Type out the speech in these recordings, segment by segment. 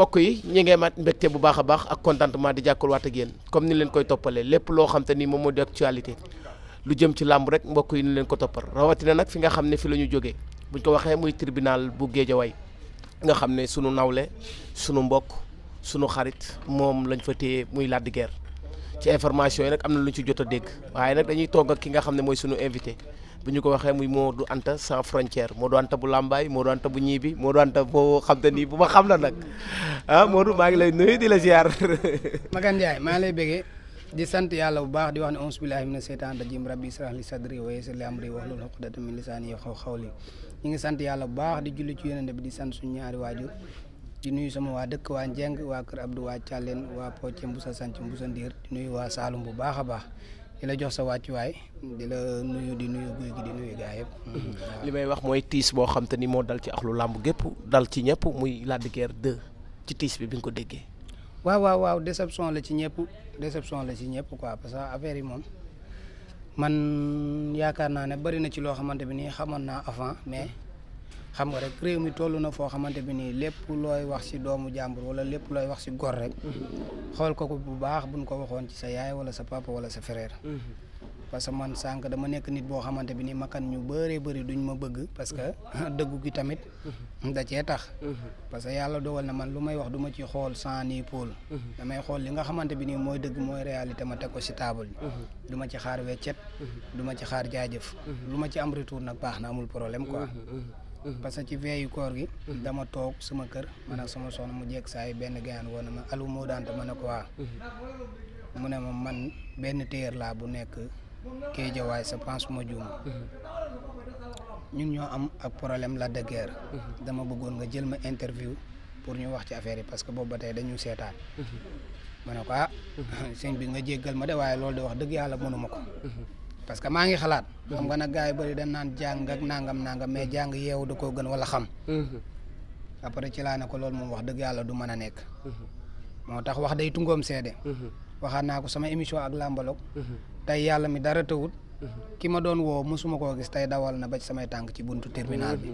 mbokk yi ñi ngee mat bu baax a baax ak contentement di jàkkul waat ak yéen comme ni leen koy toppalee lépp loo xam te ni moom moo di actualité lu jëm ci làmb rek mbokk yi ni leen ko toppal rawatina nag fi nga xam ne fi lañu ñu jógee buñ ko waxee muy tribinal bu Géejawaay nga xam ne sunu nawle sunu mbokk sunu xarit moom lañ fa téye muy Lac de ci information yi nag am na lu ñu ci jot a dégg waaye nag dañuy toog ak ki nga xam ne mooy sunu invité bu ñu ko waxee muy Modou Anta sans frontière Modou Anta bu Lambaay Modou Anta bu ñiibi Modou Anta boo xam te nii bu ma xam la nag ah Modou maa ngi lay nuyu di la ziar. Magan Ndiaye maa lay bëggee di sant yàlla bu baax di wax ne auzu billaahi mina seytaani rajiim rabbi israh li sadri wa yassir li amri wahlul uqdatan min lisaani yafqahu qawli ñu ngi sant yàlla bu baax di julli ci yonent bi di sant suñu ñaari waajur ci nuyu sama waa dëkk waa Njeng waa Kër Abdou waa Thialène waa Pocé Mbusa Sanc Mbusa Ndiir di nuyu waa Saalum bu baax a baax di la jox sa wàccuwaay di la nuyu di nuyu guy gi di nuyu gaa yëpp. li may wax mooy tiis boo xam te ni moo dal ci axlu làmb gépp dal ci ñëpp muy Lac de Guiers ci tiis bi bi nga ko déggee. waaw waaw waaw déception la ci ñëpp déception la ci ñëpp ko parce que affaire yi moom man yaakaar naa ne bari na ci loo xamante bi nii xamoon naa avant mais. xam nga rek réew mi toll na foo xamante bi nii lépp looy wax si doomu jàmbur wala lépp looy wax si gor rek xool ko ko bu baax buñ ko waxoon ci sa yaay wala sa papa wala sa frère parce que man sànq dama nekk nit boo xamante bi nii makan ñu bëree bëri duñ ma bëgg parce que dëggu gi tamit da cee tax parce que yàlla dogal na man lu may wax du ma ci xool sans ni pôle damay xool li nga xamante bi nii mooy dëgg mooy réalité ma teg ko si table bi du ma ci xaar weccet du ma ci xaar jaajëf lu ma ci Mm-hmm. parce que ci veeyu koor gi mm-hmm. dama toog sama kër man ak sama soxna mu jekk saa yi benn gayaan woon na ma alu moo daanta ma ne ko waa mm-hmm. mu ne ma man benn téer laa bu nekk Kéjawaay sa pense ma juum ñun ñoo am ak problème la de dama bëggoon nga jël ma interview pour ñu wax ci affaire yi parce que boobu ba tey dañu seetaan ma ko ah sëñ bi nga jéggal ma de waaye loolu de wax dëgg yàlla mënuma ko parce que maa ngi xalaat. xam nga na gars yi bëri dañ naan jàng ak nangam nangam mais jàng yeewu da koo gën wala xam. Mm-hmm. après ci laa ne ko loolu moom wax dëgg yàlla du mën a nekk. Mm-hmm. moo tax wax day tungoom seede. Mm-hmm. waxaat naa ko sama émission ak làmbaloog. tey yàlla mi dara tawut. ki ma doon woo mosuma koo gis tey dawal na ba ci samay tànk ci buntu terminal bi.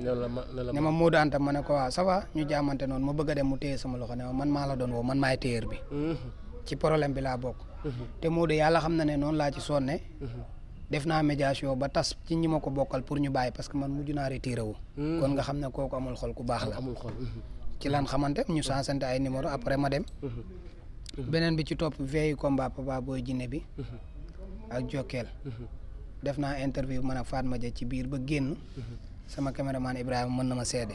ne ma Modou Anta ma ne ko waaw ah, ça va ñu jaamante noonu ma bëgg a dem mu téye sama loxo ne ma man maa la doon woo man maay téyeer bi. ci problème bi laa bokk. te Modou yàlla xam ne noonu laa ci sonne. def naa médiation ba tas ci ñi ma ko bokkal pour ñu bàyyi parce que man mujj naa retiré hmm. kon nga xam ne kooku amul xol ku baax la. amul xol hmm. ci lan xamante ñu sansante ay numéro après ma dem. Hmm. beneen bi ci topp veille combat Papa Boy Djiné bi. ak Jokkel. def naa interview man ak Fatma Dia ci biir ba génn. sama caméraman Ibrahima mën na ma seede.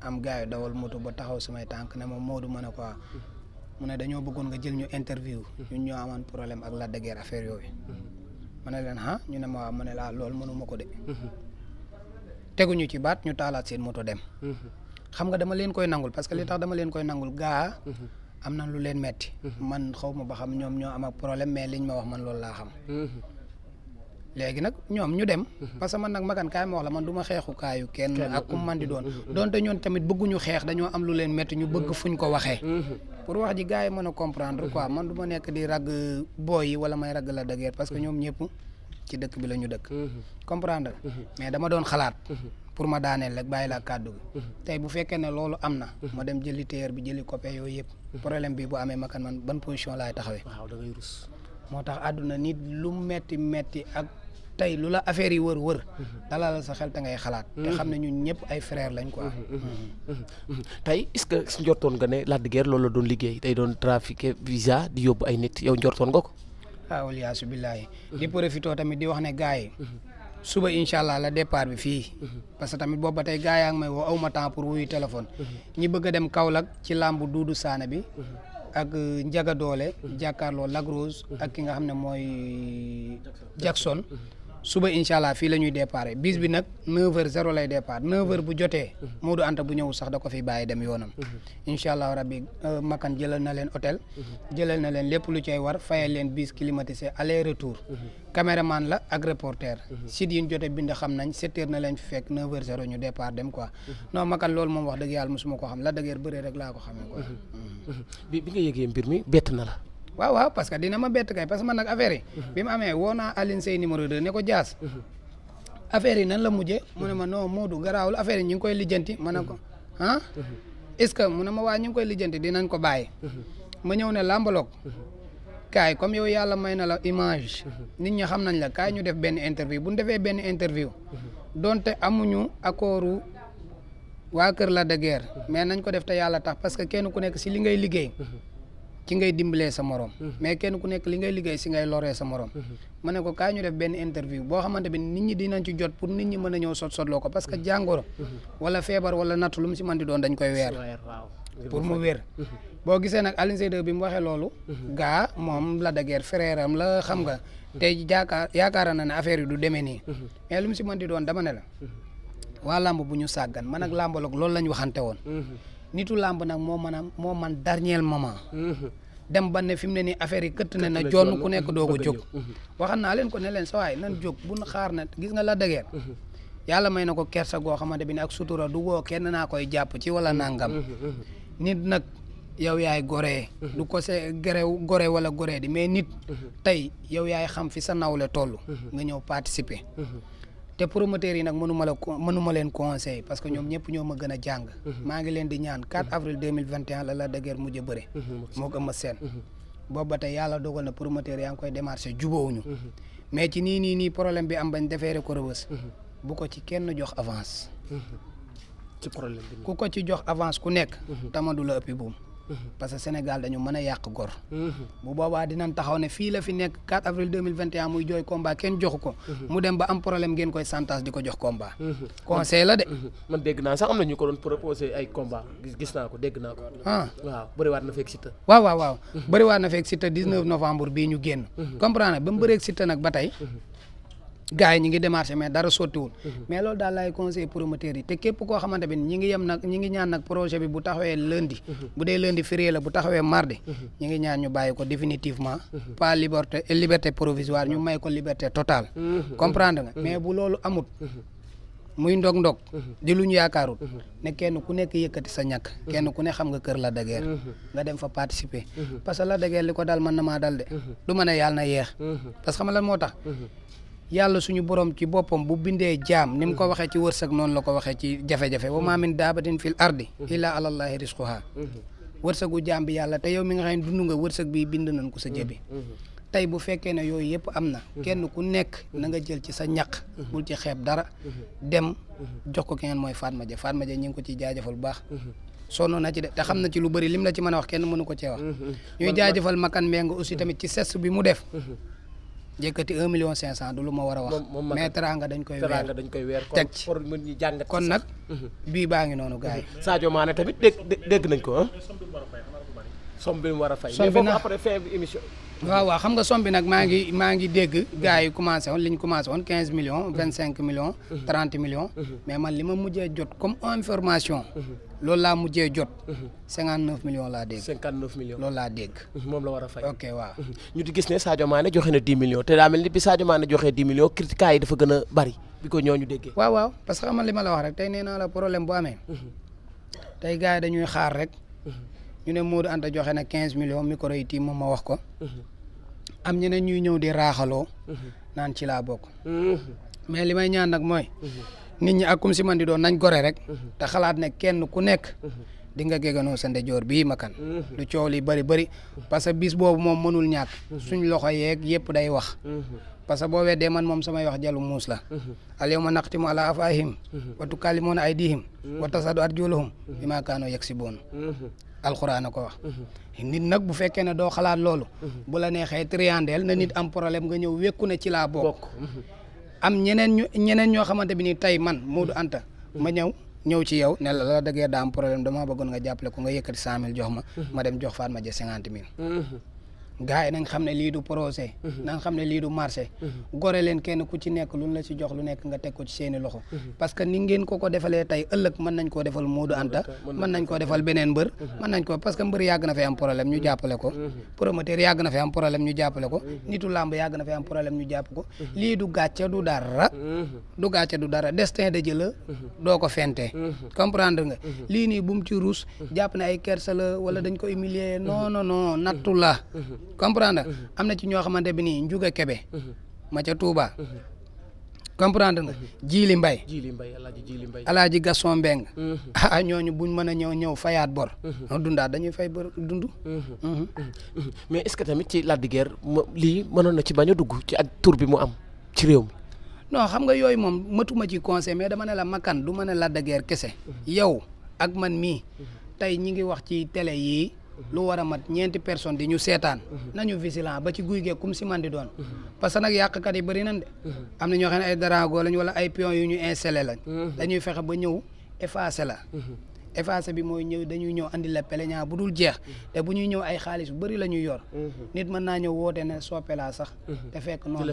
am gars yu dawal moto ba taxaw samay tànk na ma Modou mën a ko mu ne dañoo bëggoon nga jël ñu interview. ñun problème ak Lac de Guiers ma ne leen ah ñu ne ma waaw ma ne laa ah, loolu mënuma ko de. Mhm. teguñu ci baat ñu taalaat seen moto dem. Mhm. xam nga dama leen koy nangul parce que li mhm. tax dama leen koy nangul gaa. am na lu leen metti man xaw ma ba xam ñoom ñoo am ak problème mais liñ ma wax man loolu laa xam. léegi nag ñoom ñu dem parce que man nag magan kaay ma wax la man duma ma xeexu kaayu kenn ak ku man di doon donte ñoon tamit bëgguñu xeex dañoo am lu leen métti ñu bëgg fuñ ko waxee pour wax ji gars yi mën a comprendre quoi mhm. man du ma nekk di ragg booy yi wala may ragg la dëgër parce que mhm. ñoom ñëpp ci dëkk bi la dëkk. Mhm. comprendre mais dama doon xalaat. pour ma daaneel rek bàyyi laa kàddu gi. tey bu fekkee ne loolu am na. ma dem jëli téer bi jëli coppe yooyu yëpp. problème bi bu amee makan man ban position laay taxawee. moo tax àdduna nit lu metti metti ak. tey lu la affaire yi wër wër. Mm-hmm. dalal sa xel te ngay xalaat. te mm-hmm. xam ne ñu ñëpp ay frère lañ quoi. Mm-hmm. tey est que njortoon nga ne Lac de loolu doon liggéey tey doon trafiquer visa di yóbbu ay nit yow njortoon nga ko. waaw ah, waliyaasu billaahi di profité tamit di wax ne gars suba incha allah la départ bi fii. parce que tamit boobu ba tey gars yaa ngi may woo aw temps pour wuyu téléphone. ñi bëgg a dem Kaolack ci làmbu Duudu Saane bi. ak euh, Njaga Doole. jàkkaarloo Lac Rose. ak xam ne mooy suba incha allah fii la ñuy départ bis bi nag 9 h lay départ 9 bu jotee. Moodu Anta bu ñëwul sax da ko fi bàyyi dem yoonam. incha allah rabbi euh, Makan jëlal na leen hôtel. jëlal na leen lépp lu ci war fayal leen biis climatisé aller retour. caméraman la ak reporter. site yi ñu jotee bind xam nañ 7 na leen fi fekk 9 h ñu départ dem quoi. non Makan loolu moom wax dëgg yàlla ma ko xam la dëgg yàlla bëre rek laa ko xamee quoi. bi bi nga yëgee mbir mi bett na la. waaw waaw parce que dina ma bett kay parce que man nag affaire yi. bi mu amee woo naa Alioune Seye numéro ne ko jaas affaire yi nan la mujjee mu ne ma non Modou garaawul affaire yi ñu ngi koy lijjanti ma ne ko ah. est-ce que mu ne ma waa ñu ngi koy lijjanti dinañ ko bàyyi. ma ñëw ne làmbaloog. kaay comme yow yàlla may na la image. nit ñi xam nañ la kaay ñu def benn interview bu ñu defee benn interview. donte amuñu accordu waa Kër la de Guiers mais nañ ko def te yàlla tax parce que kenn ku nekk si li ngay liggéey. ci ngay dimbalee sa morom. Mhm. mais kenn ku nekk li ngay liggéey si ngay loree sa morom. Mhm. ma ne ko kaa ñu def benn interview boo xamante bi nit ñi dina ci jot pour nit ñi mën a ñëw sot sotloo ko parce que mhm. jàngoro. wala feebar wala natt lu mu si mën di doon dañ koy weer. pour mu wér. boo gisee nag Alioune Seye bi mu waxee loolu. gaa moom la dageer frère am la xam nga. tey jaakaar yaakaar na ne affaire yi du demee nii. mais lu mu si mën di doon dama ne la. waa làmb bu ñu sàggan man ak làmb loolu lañ waxante woon. nitu làmb nag moo mën a man dernier moment. Mhm. dem ba ne fi mu ne nii affaire yi këtt ne na jonn ku nekk doo ko jóg. Mhm. waxal naa leen ko ne leen sa waay nan jóg bu nu xaar na gis nga la dëgër. Mhm. yàlla may na ko kersa goo xamante bi ne ak sutura du woo kenn naa koy jàpp ci wala nangam. nit nag yow yaay goree. du ko see gerew gore wala goree di mais nit. tey yow yaay xam fi sa nawle toll. nga ñëw participer. te promoteurs yi nag mënu ma la mënu ma leen conseil parce que ñoom ñëpp ñoo ma gën a jàng. Mhm. maa ngi leen di ñaan 4 avril 2021 la la dëgër mujj a bëre. Mhm, moo ko ma seen. Mhm. boobu ba tey yàlla dogal na promoteur yaa ngi koy démarché jubóowuñu mais ci nii nii nii problème bi am bañ defeere ko rëbës. ko ci kenn jox avance. ci problème bi ku ci jox avance ku nekk. tama la ëppi buum. parce que Sénégal dañu mën a yàq gor. Mm-hmm. bu boobaa dinañ taxaw ne fii la fi nekk 4 avril 2021 muy jooy combat kenn joxu ko. Mm-hmm. mu dem ba am problème ngeen koy santage di ko jox combat. Mm-hmm. conseil la de. man dégg naa sax am na ñu ko doon proposé ay combat gis naa ko dégg naa ko. ah waaw bëriwaat na feeg Siteu. waaw waaw waaw bëriwaat na feeg Siteu 19 novembre bii ñu génn. comprendre ba mu bëreeg Siteu nag ba tey. gars yi ñi ngi démarché mais dara sottiwul mhm. mais loolu daal laay conseil promoteurs yi te képp ko xamante bi ñi ngi yem nag ñi ngi ñaan nag projet bi bu taxawee lundi mhm. bu dee lundi férié la bu taxawee mardi mhm. ñi ngi ñaan ñu bàyyi ko définitivement pas liberté liberté provisoire ñu may ko liberté totale comprendre nga mais bu loolu amut muy ndog ndog di lu ñu yaakaarul ne kenn ku nekk yëkkati sa ñàkk kenn ku ne xam nga kër la dageer nga dem fa participer parce que la dageer li ko daal mën na maa dal de du ma yàlla na yeex parce que lan moo tax yàlla suñu borom ci boppam bu bindee jaam ni ko waxee ci wërsëg noonu la ko waxee ci jafe-jafe wa maa min daabatin fil ardi illaa alallaahi risquhaa wërsëgu jaam bi yàlla te yow mi nga xam ne dund nga wërsëg bi bind nañ ko sa jëbi tey bu fekkee ne yooyu yëpp am na kenn ku nekk na nga jël ci sa ñaq bul ci xeeb dara dem jox ko keneen mooy Fatma Ja Fatma Ja ñi ngi ko ciy jaajëfal bu baax sonnoon na ci de te xam na ci lu bari lim la ci mën a wax kenn mënu ko cee wax mm-hmm. ñuy jaajëfal makan mbeng aussi tamit ci sess bi mu def yëkkati un million cinq cent du lu ma war a wax. mais teraanga dañ koy weer teg kon nag mhm. bii baa ngi noonu gars somme bi mu war a fay. somme bi nag après waaw xam nga somme nag maa ngi maa ngi dégg gars yi commencé woon li ñu commencé woon quinze millions mhm. vingt cinq millions. Mhm. trente millions. Mhm. mais man li ma mujjee jot comme information. loolu laa mujjee jot. cinquante neuf millions laa dégg. cinquante neuf millions loolu laa dégg. moom la war a fay ok waaw. ñu di gis ne Sadio Mané joxe na dix millions te daa mel ni bi Sadio Mané joxe dix millions critiques yi dafa gën a bari bi ko ñooñu déggee. waaw waaw parce que ma li ma la wax rek tey nee naa la problème bu amee. tey gars yi dañuy xaar rek. ñu ne Modou Anta joxe na quinze millions micro yi tiim moom ma wax ko mhm. am ñeneen ñuy ñëw di raaxaloo mhm. naan ci laa bokk mhm. mais li may ñaan nag mooy nit ñi ak kum si man doon nañ gore rek te xalaat ne kenn ku nekk di nga géganoo sa ndejoor bii makan lu coow li bari bëri parce que bis boobu moom mënul ñàkk suñ loxo yeeg yëpp day wax parce que boo weddee man moom sama wax jalu muus la mhm. al yawma naqtimu ala ay mhm. wa tukallimuna aydihim mhm. wa tasadu arjuluhum bima kaanu yaksibuun alxuraan a ko wax nit nag bu fekkee ne doo xalaat loolu bu la neexee triandel na nit am problème nga ñëw wékku ne ci laa bokk am ñeneen ñu ñeneen ñoo xamante bi ni tey man Modou Anta ma ñëw ñëw ci yow ne la la dëggee daa am problème damaa bëggoon nga jàppale ko nga yëkkati cent mille jox ma ma dem jox Fatma ja cinquante gars yi nan xam ne lii du projet mhm. nan xam ne lii du marché mhm. gore leen kenn ku ci nekk luñ la ci jox lu nekk nga teg ko ci seeni loxo mhm. parce que ni ngeen ko ko defalee tey ëllëg mën nañ koo defal Modou Anta mën nañ koo defal beneen mbër man nañ ko parce que mbër yàgg na fe am problème ñu jàppale ko promoteur yàgg na fi am problème ñu jàppale ko nitu làmb yàgg na fi am problème ñu jàpp ko lii du gàcce du dara du gàcce du dara destin da jëla doo ko fente comprendre nga lii nii bu mu ci ruus jàpp ne ay kersa la wala dañ ko humilier non non non nattu la comprendre mhm. am na ci ñoo xamante bi nii Ndiouga Kebe mhm. ma ca Touba mhm. comprendre nga Jili Mbaye Alaaji Gaston Mbeng ah ñooñu buñ mën a ñëw ñëw fayaat bor dundaat dañuy fay bor dund mais est-ce que tamit ci Lac de Guiers lii mënoon na ci bañ a dugg ci ak tur bi mu am ci réew mi non xam nga yooyu moom matuma ci conseil mais dama ne la makkan du ma ne Lac de Guiers kese yow ak man mii tey ñi wax ci télé yii lu war a mat ñeenti personne di ñu seetaan mhm. nañu vigilant ba ci guy gee comme si man di doon mhm. parce que nag yàqkat yi bëri nañ de mhm. am na ñoo xam ne ay drago lañ wala ay pion yu ñu installé lañ dañuy fexe ba ñëw effacé la effacé bi mooy ñëw dañuy ñëw indi la plaignant bu dul jeex te bu ñuy ñëw ay xaalis bu bari la ñuy yor mhm. nit mën naa ñëw woote ne soppe laa sax mhm. te fekk noonu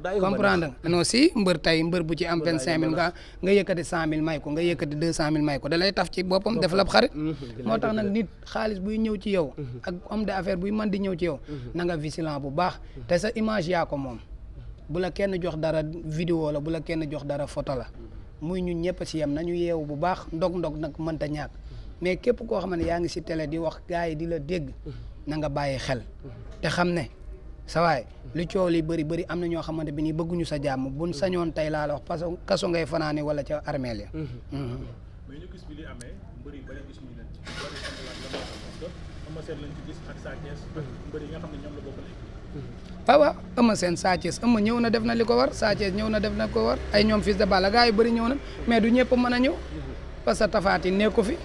la comprendre non si mbër tey mbër bu ci am vingt cinq mille nga nga yëkkati cent mille may ko nga yëkkati deux cent mille may ko da lay taf ci boppam def la xarit mhm. moo tax nag nit xaalis buy ñëw ci yow ak homme d'affaires buy mën di ñëw ci yow nanga visilant bu baax te sa image yaa ko moom bu la kenn jox dara vidéo la bu la kenn jox dara photo la muy ñu ñëpp si yem nañu yeewu bu baax ndog-ndog nag mënta ñàkk mais képp koo xam ne yaa ngi si télé di wax gars yi di la dégg nanga bàyyi xel te xam ne sa lu coow li bëri bëri am na ñoo xamante bi ni bëgguñu sa jàmm buñ sañoon tey laa la wax parce kaso ngay fanaane wala ca armeel ya mm-hmm. Mm-hmm. waaw waaw Eumeu Sène Sa Thiès Eumeu ñëw na def na li ko war Sa ñëw na def na ko war ay ñoom fils de Balla gars yu bëri ñëw na mais du ñëpp mën a ñëw parce que tafaati nekku fi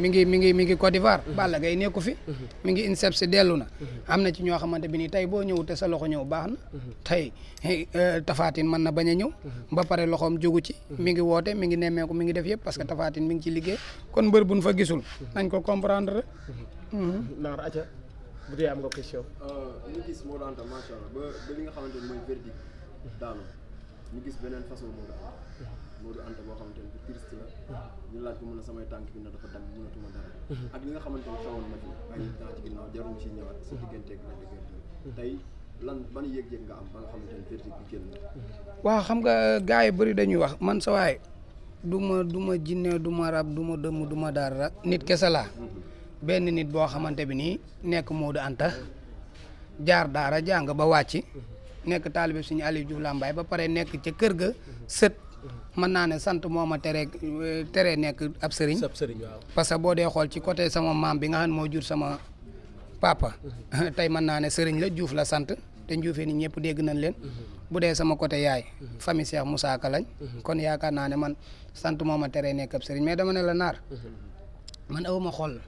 mi ngi mi ngi mi ngi Côte d'Ivoire Balla Gaye nekku fi mi ngi INSEP si dellu na am na ci ñoo xamante bi nii tey boo ñëw te sa loxo ñëw baax na tey eh, tafaatin mën na bañ a ñëw ba pare loxoom jugu ci mi ngi woote mi ngi nemmeeku mi ngi def yëpp parce que tafaatin mi ngi ci liggéey kon mbër buñ fa gisul nañ ko comprendre bu dee am nga question. Euh, ñu gis moo daan tam macha allah ba ba li nga xamante ni mooy verdict daanu ñu gis beneen façon moo daan moo du anta boo xamante ni bu triste la ñu laaj ko mën a samay tànk bi na dafa dam mënatuma dara ak li nga xamante ni xewoon na fi ay temps ci ginnaaw jarum ci ñëwaat sa la diggante tey lan ban yëg-yëg nga am ba nga xamante ni verdict bi génn waaw xam nga gars yi bëri dañuy wax man sa waay du ma du ma jinne du ma rab du ma dëmm du ma dara nit kese laa mm-hmm. benn nit boo xamante bi nii nekk Modou Anta jaar daara jàng ba wàcc nekk taalibe suñu Aliou Diouf Lambaye ba pare nekk ca kër ga sët mën naa ne sant moom ma tere teree nekk ab sëriñ parce que boo dee xool ci côté sama maam bi nga xam ne moo jur sama papa tey mën naa ne sëriñ la Diouf la sant te njuufee ni ñëpp dégg nañ leen bu dee sama côté yaay famille Cheikh Moussa lañ kon yaakaar naa ne man sant moo ma teree nekk sëriñ mais dama ne la naar man awuma xol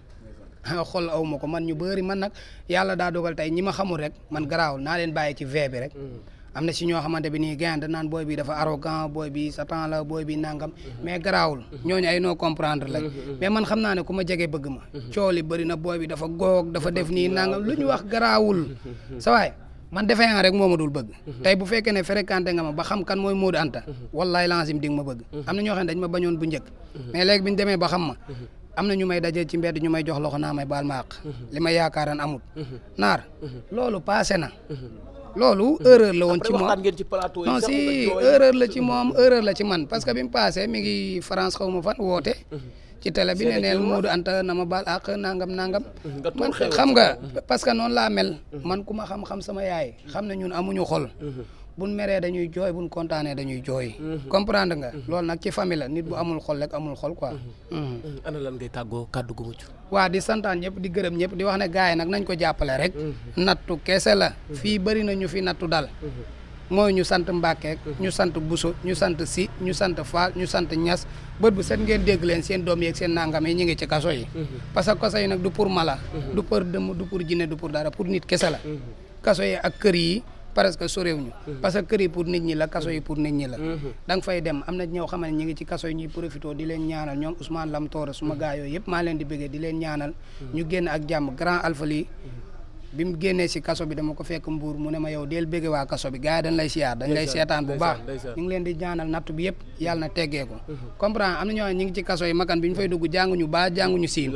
xol aw ma ko man ñu bëri man nag yàlla daa dogal tey ñi ma xamul rek man garaawul naa leen bàyyi ci vee bi rek mm. am na si ñoo xamante bi nii gain da naan booy bi dafa arrogant booy bi satan la booy bi nangam mm-hmm. mais garaawul mm-hmm. ñooñu ay noo comprendre lañ mm-hmm. mais man xam naa ne ku ma jege bëgg ma coow li bëri na booy bi dafa goog dafa def nii nangam lu ñu wax garaawul sa waay man defee rek moo ma dul bëgg tey bu fekkee ne fréquenté nga ma ba xam kan mooy moo Anta wallaay lancim di nga ma bëgg am na ñoo xam ne dañ ma bañoon bu njëkk mais am na ñu may daje ci mbedd ñu may jox loxo naa may baal ma àq mhm. li may yaakaaran amut mhm. naar mhm. loolu passé na loolu erreur la woon ci moom non si erreur la ci moom erreur la ci man parce que bi mu mi ngi France xaw ma fan woote ci télé bi ne neel Anta na ma baal àq nangam nangam man xam nga parce que noonu laa mel man ku ma xam-xam sama yaay xam na ñun amuñu xol buñ meree dañuy jooy buñ kontaanee dañuy jooy. Mhm. comprendre nga. Mhm. loolu nag ci famille la nit bu mhm. amul xol rek amul xol quoi. ana lan tàggoo kàddu gu mucc. waa di santaan ñëpp di gërëm ñëpp di wax ne gars yi nag nañ ko jàppale rek. nattu kese la. fii bëri na ñu fi nattu dal. mooy ñu sant Mbàkke ñu sant Buso ñu sant Si ñu sant Faal ñu sant Ñas bët bu set ngeen dégg seen doom yeeg seen nangam yi ñu ngi ci kaso yi. parce que kaso yi nag du pour mala. du pour dëmm du pour jinne du pour dara pour nit kese la. kaso yi ak kër yi. parce que sorewuñu mhm. parce que kër yi pour nit ñi la kaso yi mhm. pour nit ñi la mhm. da nga fay dem am na ñoo xam ne ñi ngi ci kaso yi ñuy profité di leen ñaanal ñoom Ousmane Lam Toora suma gaa yooyu yëpp maa leen di bëggee di leen ñaanal ñu génn ak jàmm grand alpha bi mu génnee si kaso bi dama ko fekk mbuur mu ne ma yow del bégge waa kaso bi gars yi dañ lay siyaar dañ lay seetaan bu baax ñu ngi leen di jaanal natt bi yëpp yàlla na teggeeku mhm. comprendre am na ñu ngi ci kaso yi makan bi ñu fay dugg jànguñu baa jànguñu siin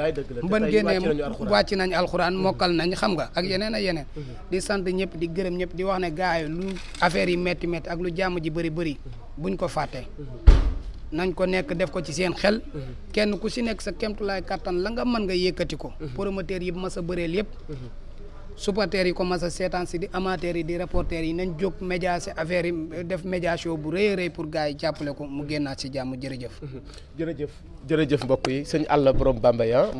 ban génnee wàcc nañ alxuraan mhm. mokkal nañ xam nga ak yeneen ak yeneen mhm. di sant ñëpp di gërëm ñëpp di wax ne gars yi lu affaire yi métti métti ak lu jàmm ji bari bëri bu ñu ko fàttee nañ ko nekk def ko ci seen xel kenn ku si nekk sa kemtulaay kattan la nga mën nga yëkkati ko promoteur yi ma sa bëreel yëpp supporters yi commencé seetaan si di amateurs yi di reporters yi nañ jóg média si affaire yi def médiation bu rëy a rëy pour gars yi jàppale ko mu génnaat si jàmm jërëjëf. Mm-hmm. jërëjëf jërëjëf mbokk yi sëñ Alla borom Bambey